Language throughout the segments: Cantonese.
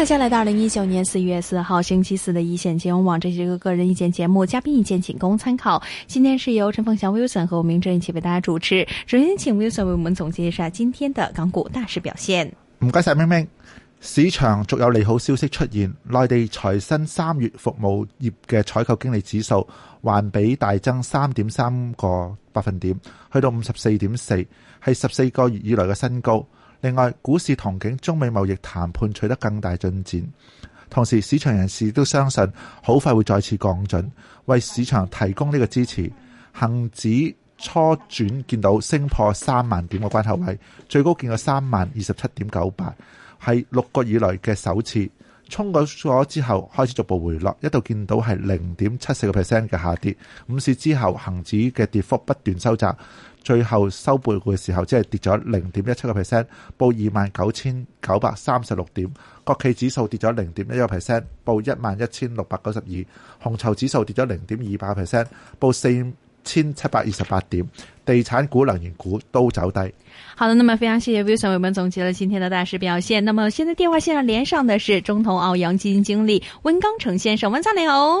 大家來到二零一九年四月四號星期四的一線金融網，這些個個人意見節目，嘉賓意見僅供參考。今天是由陳鳳祥 Wilson 和我明哲一起為大家主持。首先，請 Wilson 為我們總結一下今天的港股大市表現。唔該晒，明明。市場續有利好消息出現，內地財新三月服務業嘅採購經理指數環比大增三點三個百分點，去到五十四點四，係十四個月以來嘅新高。另外，股市同景，中美貿易談判取得更大進展，同時市場人士都相信好快會再次降準，為市場提供呢個支持。恒指初轉見到升破三萬點嘅關口位，最高見到三萬二十七點九八，係六個以來嘅首次。衝咗之後開始逐步回落，一度見到係零點七四個 percent 嘅下跌。午市之後，恒指嘅跌幅不斷收窄，最後收報嘅時候即係跌咗零點一七個 percent，報二萬九千九百三十六點。國企指數跌咗零點一個 percent，報一萬一千六百九十二。紅籌指數跌咗零點二百個 percent，報四千七百二十八點，地產股、能源股都走低。好的，那麼非常謝謝 Wilson，為我們總結了今天的大市表現。那麼現在電話線上連上的是中投澳洋基金經理溫鋼城先生，溫先生，你好。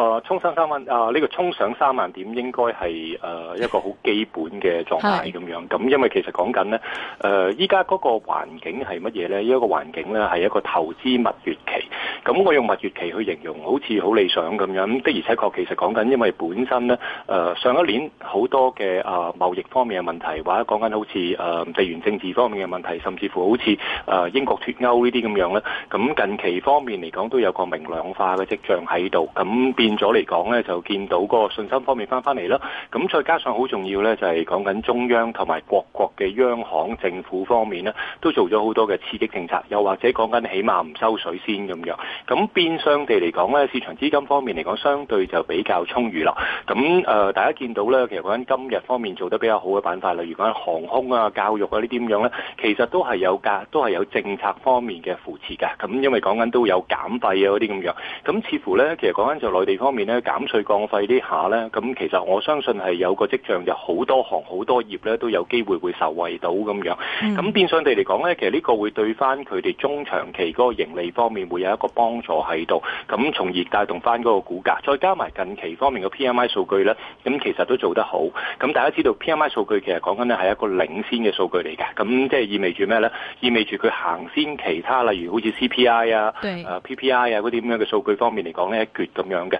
啊，衝上三萬啊！呢、這個衝上三萬點應該係誒、呃、一個好基本嘅狀態咁樣。咁因為其實講緊呢，誒依家嗰個環境係乜嘢咧？一個環境呢，係一個投資蜜月期。咁我用蜜月期去形容，好似好理想咁樣。的而且確，其實講緊，因為本身呢，誒、呃、上一年好多嘅啊貿易方面嘅問題，或者講緊好似誒、啊、地緣政治方面嘅問題，甚至乎好似誒、啊、英國脫歐呢啲咁樣咧。咁近期方面嚟講都有個明朗化嘅跡象喺度。咁變變咗嚟講呢就見到嗰個信心方面翻返嚟啦。咁再加上好重要呢，就係講緊中央同埋各國嘅央行、政府方面呢都做咗好多嘅刺激政策。又或者講緊起碼唔收水先咁樣。咁變相地嚟講呢，市場資金方面嚟講，相對就比較充裕啦。咁誒，大家見到呢，其實講緊今日方面做得比較好嘅板塊，例如講緊航空啊、教育啊呢啲咁樣呢，其實都係有加，都係有政策方面嘅扶持嘅。咁因為講緊都有減費啊嗰啲咁樣。咁似乎呢，其實講緊就內地。方面咧減稅降費下呢下咧，咁其實我相信係有個跡象，就好多行好多業咧都有機會會受惠到咁樣。咁、嗯、變相地嚟講咧，其實呢個會對翻佢哋中長期嗰個盈利方面會有一個幫助喺度，咁從而帶動翻嗰個股價。再加埋近期方面嘅 P M I 數據咧，咁其實都做得好。咁大家知道 P M I 數據其實講緊咧係一個領先嘅數據嚟㗎，咁即係意味住咩咧？意味住佢行先其他，例如好似 C P I 啊、誒、uh, P P I 啊嗰啲咁樣嘅數據方面嚟講咧一厥咁樣嘅。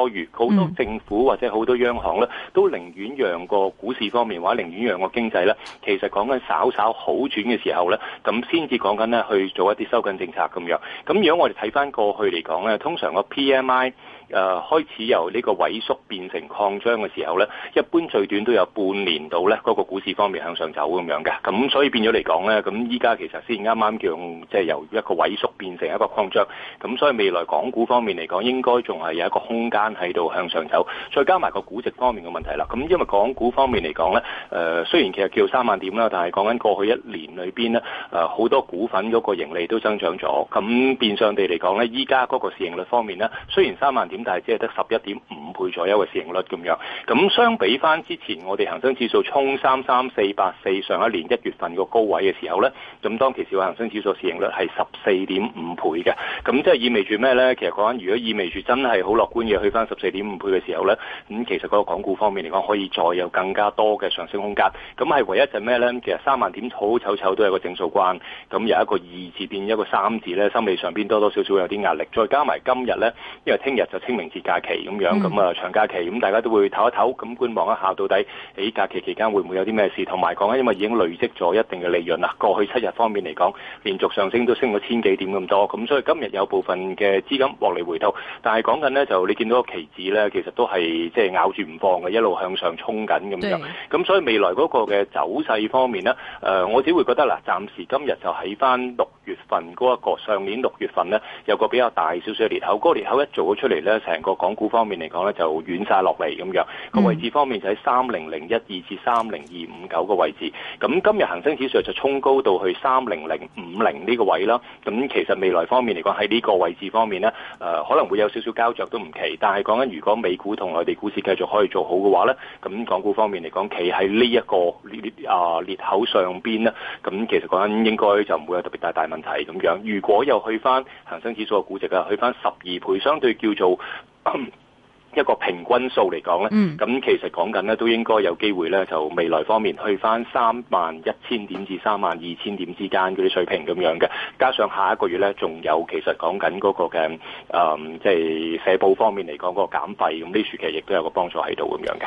個月，好多政府或者好多央行咧，都寧願讓個股市方面，或者寧願讓個經濟咧，其實講緊稍稍好轉嘅時候咧，咁先至講緊咧去做一啲收緊政策咁樣。咁如果我哋睇翻過去嚟講咧，通常個 PMI。誒、啊、開始由呢個萎縮變成擴張嘅時候咧，一般最短都有半年到咧，嗰、那個股市方面向上走咁樣嘅。咁所以變咗嚟講咧，咁依家其實先啱啱叫即係、就是、由一個萎縮變成一個擴張。咁所以未來港股方面嚟講，應該仲係有一個空間喺度向上走。再加埋個估值方面嘅問題啦。咁因為港股方面嚟講咧，誒、呃、雖然其實叫三萬點啦，但係講緊過去一年裏邊咧，好多股份嗰個盈利都增長咗。咁變相地嚟講咧，依家嗰個市盈率方面咧，雖然三萬點。咁係只係得十一點五倍左右嘅市盈率咁樣，咁相比翻之前我哋恒生指數沖三三四八四，上一年一月份個高位嘅時候呢，咁當其時話恒生指數市盈率係十四點五倍嘅，咁即係意味住咩呢？其實講緊如果意味住真係好樂觀嘅去翻十四點五倍嘅時候呢，咁其實嗰個港股方面嚟講，可以再有更加多嘅上升空間。咁係唯一就咩呢？其實三萬點好醜，醜醜都有個整數關，咁由一個二字變一個三字呢，心理上邊多多少少有啲壓力。再加埋今日呢，因為聽日就。清明節假期咁樣，咁、嗯、啊長假期咁，大家都會唞一唞，咁觀望一下到底喺、欸、假期期間會唔會有啲咩事？同埋講緊，因為已經累積咗一定嘅利潤啦。過去七日方面嚟講，連續上升都升咗千幾點咁多，咁所以今日有部分嘅資金獲利回吐，但係但係講緊呢，就你見到個期指呢，其實都係即係咬住唔放嘅，一路向上衝緊咁樣。咁所以未來嗰個嘅走勢方面呢，誒、呃，我只會覺得嗱，暫時今日就喺返六月份嗰一個上年六月份呢，有個比較大少少嘅裂口，嗰、嗰個裂口一做咗出嚟呢，成個港股方面嚟講呢，就軟晒落嚟咁樣。嗰個位置方面就喺三零零一二至三零二五九個位置。咁今日恒生指數就衝高到去三零零五零呢個位啦。咁其實未來方面嚟講喺呢個位置方面呢，誒、呃、可能會有少少膠著都唔奇。但係講緊如果美股同內地股市繼續可以做好嘅話呢，咁港股方面嚟講企喺呢一個啊裂口上邊呢，咁其實講緊應該就唔會有特別大大問題。係咁樣，如果又去翻恒生指數嘅估值啊，去翻十二倍，相對叫做一個平均數嚟講咧，咁、嗯、其實講緊咧都應該有機會咧，就未來方面去翻三萬一千點至三萬二千點之間嗰啲水平咁樣嘅，加上下一個月咧，仲有其實講緊嗰個嘅，誒、嗯，即係社保方面嚟講嗰個減費，咁呢段時間亦都有個幫助喺度咁樣嘅。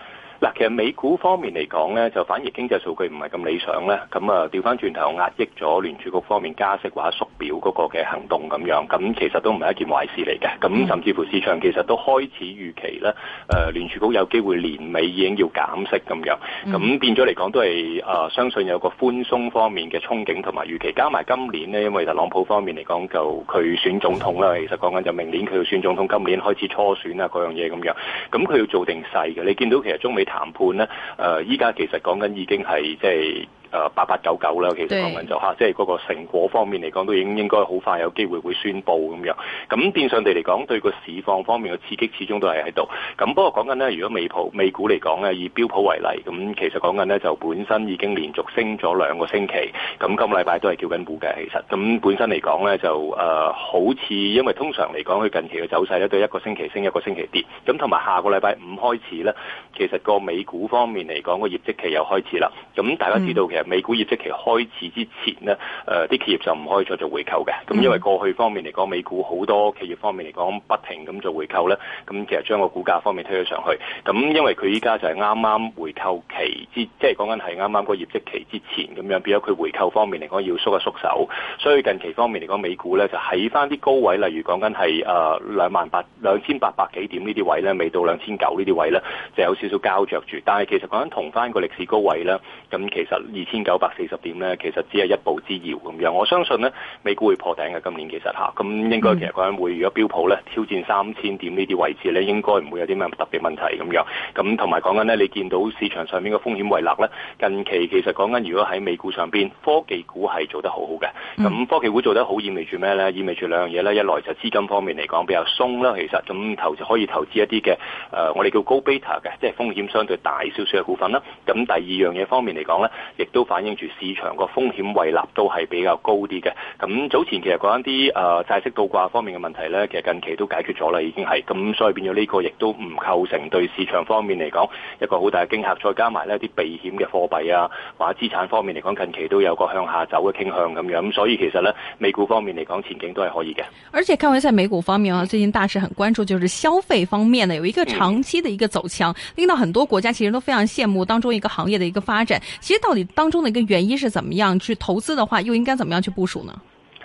嗱，其實美股方面嚟講咧，就反而經濟數據唔係咁理想咧，咁啊掉返轉頭壓抑咗聯儲局方面加息或者縮表嗰個嘅行動咁樣，咁其實都唔係一件壞事嚟嘅，咁甚至乎市場其實都開始預期咧，誒、呃、聯儲局有機會年尾已經要減息咁樣，咁變咗嚟講都係誒、呃、相信有個寬鬆方面嘅憧憬同埋預期，加埋今年呢，因為特朗普方面嚟講就佢選總統啦，其實講緊就明年佢要選總統，今年開始初選啊嗰樣嘢咁樣，咁佢要做定勢嘅，你見到其實中美談判咧，誒、呃，依家其實講緊已經係即係。就是誒、呃、八八九九啦，其實講緊就嚇，即係嗰個成果方面嚟講，都已應應該好快有機會會宣布咁樣。咁變相地嚟講，對個市況方面嘅刺激，始終都係喺度。咁不過講緊呢，如果美普美股嚟講呢，以標普為例，咁其實講緊呢，就本身已經連續升咗兩個星期，咁今個禮拜都係叫緊股嘅。其實咁本身嚟講呢，就、呃、誒好似因為通常嚟講，佢近期嘅走勢呢，都一個星期升一個星期跌。咁同埋下個禮拜五開始呢，其實個美股方面嚟講，個業績期又開始啦。咁大家知道其、嗯美股業績期開始之前呢，誒、呃、啲企業就唔可以再做回購嘅，咁因為過去方面嚟講，美股好多企業方面嚟講，不停咁做回購呢。咁其實將個股價方面推咗上去。咁因為佢依家就係啱啱回購期之，即、就、係、是、講緊係啱啱個業績期之前咁樣，變咗佢回購方面嚟講要縮一縮手，所以近期方面嚟講，美股呢就喺翻啲高位，例如講緊係誒兩萬八、兩千八百幾點呢啲位呢，未到兩千九呢啲位呢，就有少少膠着住。但係其實講緊同翻個歷史高位呢，咁其實千九百四十點呢，其實只係一步之遙咁樣。我相信呢，美股會破頂嘅今年其實嚇，咁、啊、應該其實講緊如果標普呢挑戰三千點呢啲位置呢，應該唔會有啲咩特別問題咁樣。咁同埋講緊呢，你見到市場上面嘅風險為勒咧，近期其實講緊如果喺美股上邊，科技股係做得好好嘅。咁科技股做得好意味住咩呢？意味住兩樣嘢呢。一來就資金方面嚟講比較鬆啦。其實咁投可以投資一啲嘅誒，我哋叫高 beta 嘅，即、就、係、是、風險相對大少少嘅股份啦。咁第二樣嘢方面嚟講呢。亦都都反映住市場個風險胃納都係比較高啲嘅。咁早前其實講一啲誒債息倒掛方面嘅問題咧，其實近期都解決咗啦，已經係。咁，所以變咗呢個亦都唔構成對市場方面嚟講一個好大嘅驚嚇，再加埋呢啲避險嘅貨幣啊，或者資產方面嚟講近期都有個向下走嘅傾向咁樣，咁所以其實咧，美股方面嚟講前景都係可以嘅。而且睇返在美股方面啊，最近大市很關注，就是消費方面咧有一個長期的一個走強，嗯。令到很多國家其實都非常羨慕當中一個行業的一個發展。其實到底當中的一個原因是怎麼樣去投資的話，又應該怎麼樣去部署呢？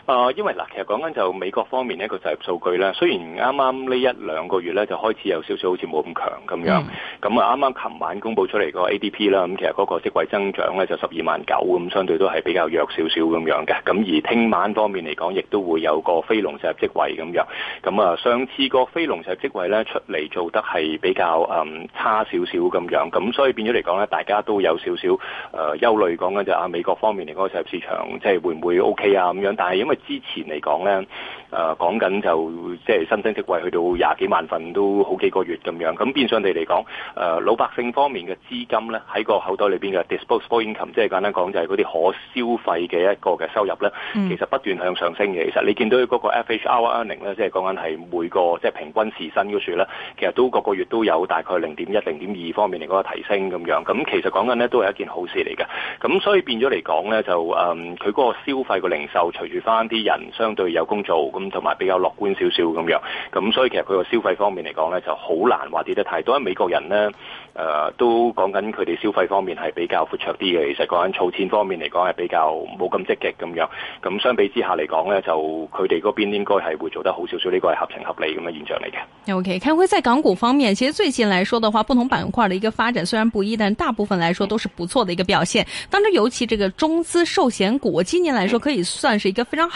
誒、呃，因為嗱，其實講緊就美國方面呢個就業數據咧，雖然啱啱呢一兩個月咧就開始有少少好似冇咁強咁、嗯、樣，咁啊啱啱琴晚公佈出嚟個 A.D.P. 啦，咁其實嗰個職位增長咧就十二萬九，咁相對都係比較弱少少咁樣嘅，咁而聽晚方面嚟講，亦都會有個非農就業職位咁樣，咁啊上次個非農就業職位咧出嚟做得係比較誒差少少咁樣，咁所以變咗嚟講咧，大家都有少少、呃、憂慮，講緊就啊美國方面嚟講個就業市場即係會唔會 O.K. 啊咁樣，但係因為之前嚟講咧，誒講緊就即係、就是、新增職位去到廿幾萬份，都好幾個月咁樣。咁變相地嚟講，誒、呃、老百姓方面嘅資金咧，喺個口袋裏邊嘅 disposable income，即係簡單講就係嗰啲可消費嘅一個嘅收入咧，mm. 其實不斷向上升嘅。其實你見到嗰個 FHR earning 咧，即係講緊係每個即係、就是、平均時薪嗰個數咧，其實都個個月都有大概零點一、零點二方面嚟個提升咁樣。咁其實講緊咧都係一件好事嚟嘅。咁所以變咗嚟講咧，就誒佢嗰個消費個零售隨住翻。啲人相對有工做，咁同埋比較樂觀少少咁樣，咁所以其實佢個消費方面嚟講呢，就好難話跌得太多。因為美國人呢，誒、呃、都講緊佢哋消費方面係比較闊綽啲嘅，其實講緊儲錢方面嚟講係比較冇咁積極咁樣。咁相比之下嚟講呢，就佢哋嗰邊應該係會做得好少少，呢個係合情合理咁嘅現象嚟嘅。O.K. 開輝，在港股方面，其實最近來說的話，不同板塊嘅一個發展雖然不一，但大部分來說都是不錯嘅一個表現。當中尤其這個中資壽險股，今年來說可以算是一個非常好。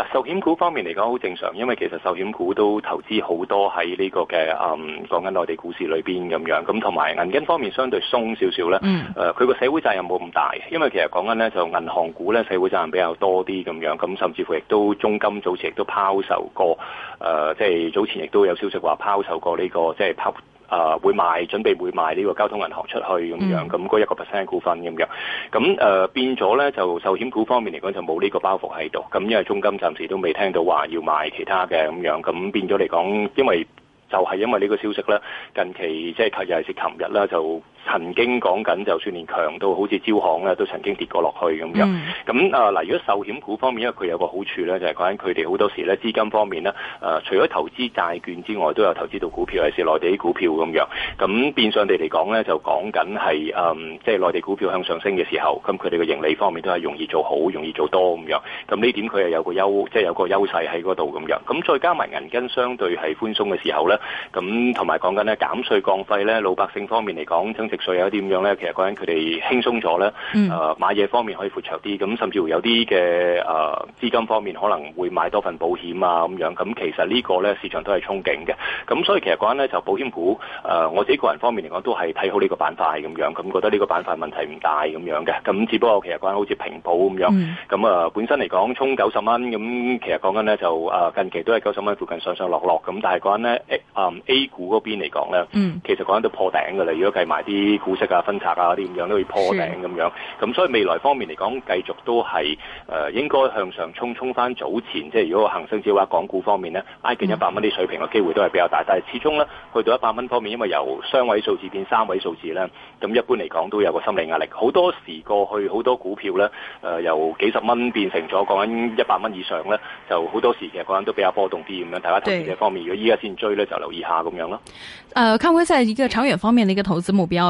嗱，壽險股方面嚟講好正常，因為其實壽險股都投資好多喺呢、這個嘅，嗯講緊內地股市裏面咁樣，咁同埋銀根方面相對鬆少少咧。佢、mm. 個、呃、社會責任冇咁大，因為其實講緊咧，就銀行股咧社會責任比較多啲咁樣，咁甚至乎亦都中金早前亦都拋售過，即、呃、係、就是、早前亦都有消息話拋售過呢、這個即係、就是啊、呃，會賣，準備會賣呢個交通銀行出去咁樣，咁嗰一個 percent 股份咁樣，咁誒、呃、變咗咧就壽險股方面嚟講就冇呢個包袱喺度，咁因為中金暫時都未聽到話要賣其他嘅咁樣，咁變咗嚟講，因為就係、是、因為呢個消息咧，近期即係佢又係琴日啦就。曾經講緊就算連強到好似招行咧，都曾經跌過落去咁樣。咁、嗯、啊嗱，如果壽險股方面，因為佢有個好處咧，就係講緊佢哋好多時咧資金方面咧，誒、啊、除咗投資債券之外，都有投資到股票，尤、就、其是內地啲股票咁樣。咁變相地嚟講咧，就講緊係誒，即、嗯、係、就是、內地股票向上升嘅時候，咁佢哋嘅盈利方面都係容易做好，容易做多咁樣。咁呢點佢係有個優，即、就、係、是、有個優勢喺嗰度咁樣。咁再加埋銀根相對係寬鬆嘅時候咧，咁同埋講緊咧減稅降費咧，老百姓方面嚟講，食稅有一啲咁樣咧，其實講緊佢哋輕鬆咗咧，誒、嗯、買嘢方面可以闊綽啲，咁甚至乎有啲嘅誒資金方面可能會買多份保險啊咁樣，咁其實呢個咧市場都係憧憬嘅，咁所以其實講緊咧就保險股誒我自己個人方面嚟講都係睇好呢個板塊咁樣，咁覺得呢個板塊問題唔大咁樣嘅，咁只不過其實講緊好似平保咁樣，咁啊本身嚟講衝九十蚊，咁其實講緊咧就誒近期都係九十蚊附近上上落落咁，但係講緊咧 A A 股嗰邊嚟講咧、嗯，其實講緊都破頂㗎啦，如果計埋啲。啲股息啊、分拆啊啲咁樣都會破頂咁樣，咁所以未來方面嚟講，繼續都係誒、呃，應該向上衝，衝翻早前。即係如果個恒生指話，港股方面呢，挨近一百蚊啲水平嘅機會都係比較大。嗯、但係始終呢，去到一百蚊方面，因為由雙位數字變三位數字咧，咁一般嚟講都有個心理壓力。好多時過去好多股票咧，誒、呃、由幾十蚊變成咗講緊一百蚊以上咧，就好多時其實講緊都比較波動啲咁樣。大家投資嘅方面，如果依家先追咧，就留意一下咁樣咯。誒、呃，康輝，一個長遠方面嘅一個投資目標。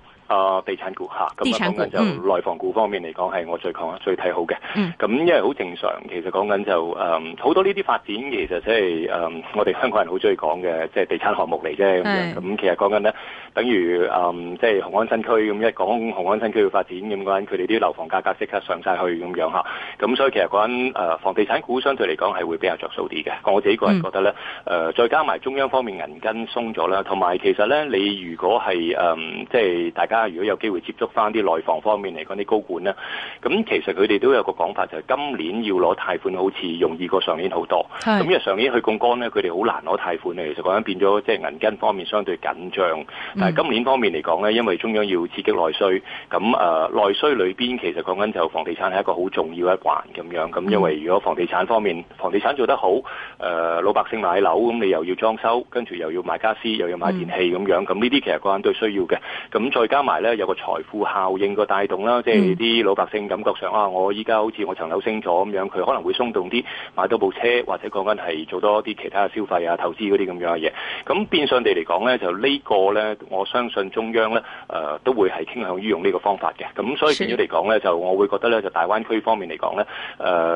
啊，地產股嚇，咁講緊就、嗯、內房股方面嚟講係我最講最睇好嘅。咁、嗯、因為好正常，其實講緊就誒好、嗯、多呢啲發展，其實即係誒我哋香港人好中意講嘅，即、就、係、是、地產項目嚟啫。咁其實講緊咧，等於誒即係紅安新區咁，一講雄安新區嘅發展咁，講佢哋啲樓房價格即刻上晒去咁樣嚇。咁所以其實講緊誒房地產股相對嚟講係會比較着數啲嘅。我自己個人覺得咧，誒、嗯呃、再加埋中央方面銀根鬆咗啦，同埋其實咧你如果係誒即係大家。如果有機會接觸翻啲內房方面嚟講啲高管呢，咁其實佢哋都有個講法，就係、是、今年要攞貸款好似容易過上年好多。咁因為上年去槓桿呢，佢哋好難攞貸款。其實講緊變咗，即、就、係、是、銀根方面相對緊張。但今年方面嚟講呢，因為中央要刺激內需，咁、呃、內需裏邊其實講緊就房地產係一個好重要一環咁樣。咁因為如果房地產方面房地產做得好，誒、呃、老百姓買樓咁，你又要裝修，跟住又要買家私、嗯，又要買電器咁樣，咁呢啲其實個人都需要嘅。咁再加埋。有個財富效應個帶動啦，即係啲老百姓感覺上啊，我依家好似我層樓升咗咁樣，佢可能會鬆動啲買多部車，或者講緊係做多啲其他消費啊、投資嗰啲咁樣嘅嘢。咁變相地嚟講呢，就呢個呢，我相信中央呢，誒都會係傾向於用呢個方法嘅。咁所以變咗嚟講呢，就我會覺得呢，就大灣區方面嚟講呢，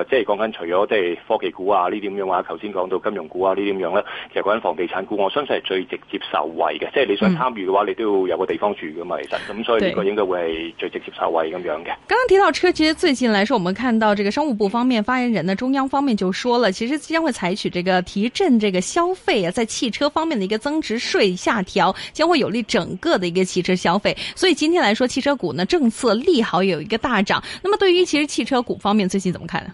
誒即係講緊除咗即係科技股啊呢點樣話，頭先講到金融股啊呢點樣呢，其實講緊房地產股，我相信係最直接受惠嘅。即係你想參與嘅話，你都要有個地方住㗎嘛。咁所以呢個應該會係最直接受惠咁樣嘅。剛剛提到車，其實最近來說，我們看到這個商務部方面發言人呢，中央方面就說了，其實將會採取這個提振這個消費啊，在汽車方面的一個增值稅下調，將會有利整個的一個汽車消費。所以今天來說，汽車股呢政策利好有一個大漲。那麼對於其實汽車股方面最近怎麼看呢？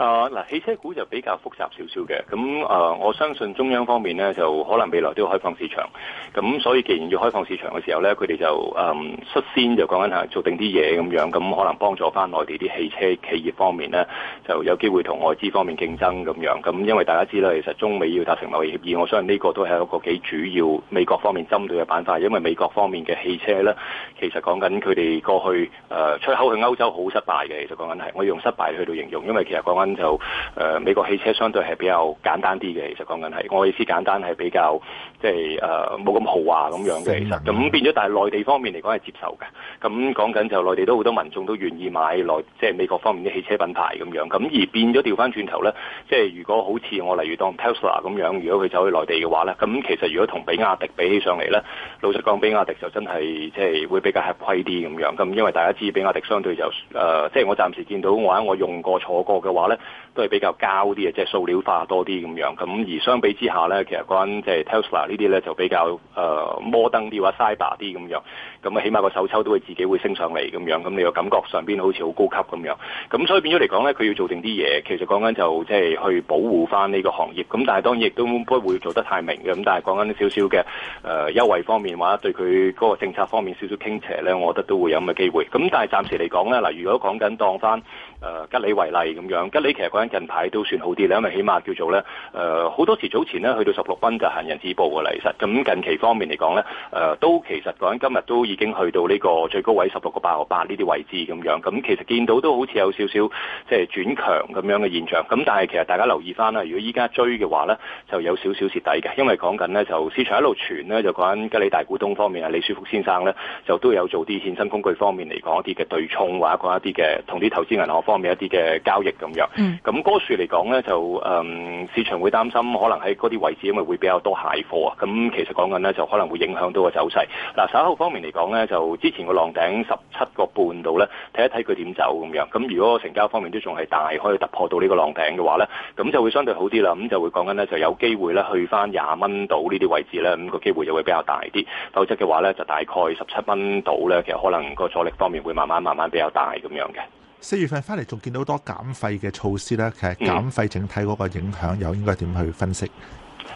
啊嗱，汽車股就比較複雜少少嘅，咁、啊、我相信中央方面呢，就可能未來都要開放市場，咁所以既然要開放市場嘅時候呢，佢哋就嗯率先就講緊係做定啲嘢咁樣，咁可能幫助翻內地啲汽車企業方面呢，就有機會同外資方面競爭咁樣，咁因為大家知啦，其實中美要達成貿易協議，我相信呢個都係一個幾主要美國方面針對嘅板法板塊。因為美國方面嘅汽車呢，其實講緊佢哋過去誒、呃、出口去歐洲好失敗嘅，其實講緊係我用失敗去到形容，因為其實講緊。就誒、呃、美國汽車相對係比較簡單啲嘅，其實講緊係我意思簡單係比較即係誒冇咁豪華咁樣嘅，其實咁變咗。但係內地方面嚟講係接受嘅，咁講緊就內地都好多民眾都願意買內即係美國方面啲汽車品牌咁樣，咁而變咗調翻轉頭咧，即係如果好似我例如當 Tesla 咁樣，如果佢走去內地嘅話咧，咁其實如果同比亞迪比起上嚟咧，老實講，比亞迪就真係即係會比較吃虧啲咁樣。咁因為大家知比亞迪相對就誒、呃，即係我暫時見到我話我用過坐過嘅話咧。都係比較膠啲嘅，即係塑料化多啲咁樣。咁而相比之下咧，其實講緊即係 Tesla 這些呢啲咧就比較誒、呃、摩登啲或者 Cyber 啲咁樣。咁啊，起碼個手抽都會自己會升上嚟咁樣。咁你個感覺上邊好似好高級咁樣。咁所以變咗嚟講咧，佢要做定啲嘢，其實講緊就即係去保護翻呢個行業。咁但係當然亦都唔會做得太明嘅。咁但係講緊少少嘅誒優惠方面話，或者對佢嗰個政策方面少少傾斜咧，我覺得都會有咁嘅機會。咁但係暫時嚟講咧，嗱，如果講緊當翻誒、呃、吉利為例咁樣，吉利其實講緊近排都算好啲啦，因為起碼叫做咧，呃、好多時早前咧去到十六蚊就行人止步嘅啦。其實咁近期方面嚟講咧，誒、呃、都其實講緊今日都已經去到呢個最高位十六個八個八呢啲位置咁樣。咁其實見到都好似有少少即係轉強咁樣嘅現象。咁但係其實大家留意翻啦，如果依家追嘅話咧，就有少少蝕底嘅，因為講緊咧就市場一路傳咧就講緊吉利大股東方面係李書福先生咧，就都有做啲衍生工具方面嚟講一啲嘅對沖或者講一啲嘅同啲投資銀行方面一啲嘅交易咁樣。咁、嗯、嗰、那個、樹嚟講呢，就誒、嗯、市場會擔心，可能喺嗰啲位置，因為會比較多蟹貨啊。咁其實講緊呢，就可能會影響到個走勢。嗱，稍後方面嚟講呢，就之前個浪頂十七個半度呢，睇一睇佢點走咁樣。咁如果成交方面都仲係大，可以突破到呢個浪頂嘅話呢，咁就會相對好啲啦。咁就會講緊呢，就有機會呢去返廿蚊度呢啲位置呢，咁、那個機會就會比較大啲。否則嘅話呢，就大概十七蚊度呢，其實可能個阻力方面會慢慢慢慢比較大咁樣嘅。四月份翻嚟仲見到好多減費嘅措施咧，其實減費整體嗰個影響又應該點去分析？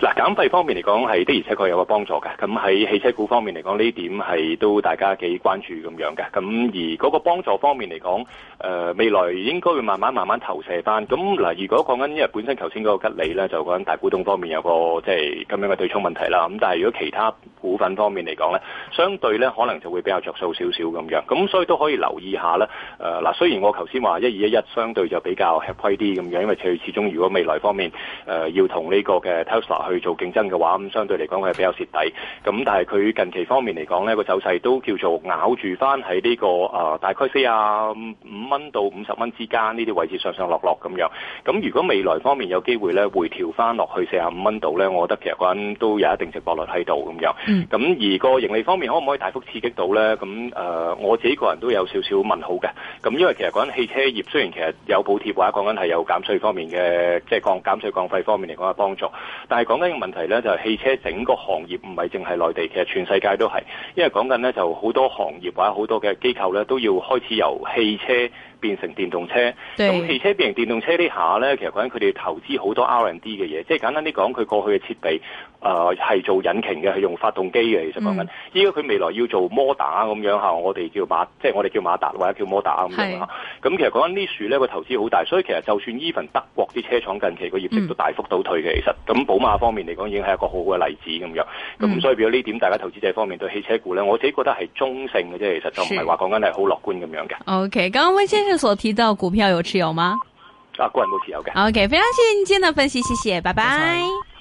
嗱減費方面嚟講，係的而且確有個幫助嘅。咁喺汽車股方面嚟講，呢點係都大家幾關注咁樣嘅。咁而嗰個幫助方面嚟講，誒、呃、未來應該會慢慢慢慢投射翻。咁嗱，如果講緊因為本身頭先嗰個吉利咧，就講緊大股東方面有個即係咁樣嘅對沖問題啦。咁但係如果其他股份方面嚟講咧，相對咧可能就會比較着數少少咁樣。咁所以都可以留意下咧。誒、呃、嗱，雖然我頭先話一二一一相對就比較吃虧啲咁樣，因為佢始終如果未來方面誒、呃、要同呢個嘅 Tesla 去。去做競爭嘅話，咁相對嚟講，佢係比較蝕底。咁但係佢近期方面嚟講咧，個走勢都叫做咬住翻喺呢個啊，大概四十五蚊到五十蚊之間呢啲位置上上落落咁樣。咁如果未來方面有機會咧，回調翻落去四十五蚊度咧，我覺得其實嗰陣都有一定嘅概率喺度咁樣。咁而個盈利方面可唔可以大幅刺激到咧？咁誒，我自己個人都有少少問號嘅。咁因為其實講緊汽車業，雖然其實有補貼或者講緊係有減稅方面嘅，即係降減稅降費方面嚟講嘅幫助，但係個講緊個問題呢，就係汽車整個行業唔係淨係內地，其實全世界都係，因為講緊呢，就好多行業或者好多嘅機構呢，都要開始由汽車變成電動車。咁汽車變成電動車呢下呢，其實講緊佢哋投資好多 R and D 嘅嘢，即係簡單啲講，佢過去嘅設備。誒、呃，係做引擎嘅，係用發動機嘅。其實講緊，依家佢未來要做摩打咁樣吓，我哋叫馬，即係我哋叫馬達或者叫摩打咁樣吓。咁其實講緊呢樹咧，個投資好大，所以其實就算依份德國啲車廠近期個業績都大幅倒退嘅，嗯，其實咁寶馬方面嚟講，已經係一個好好嘅例子咁樣。咁，嗯、所以要表呢點，大家投資者方面對汽車股咧，我自己覺得係中性嘅啫，其實就唔係話講緊係好樂觀咁樣嘅。OK，剛剛溫先生所提到股票有持有嗎？啊，個人冇持有嘅。OK，非常精簡嘅分析，謝謝，拜拜。拜拜。